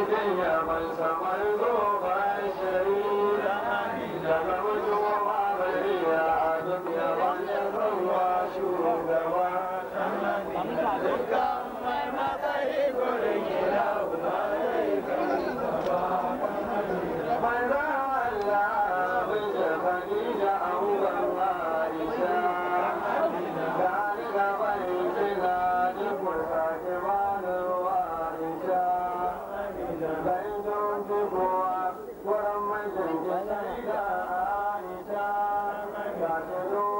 I'm Hallelujah, my son, my Lord. you.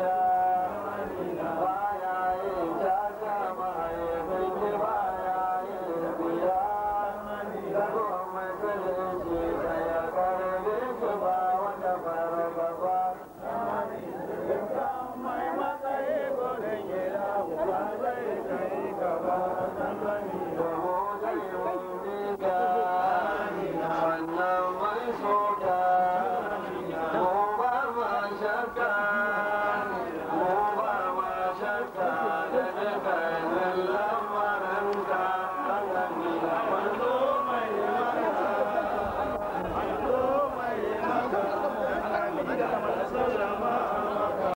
三三一。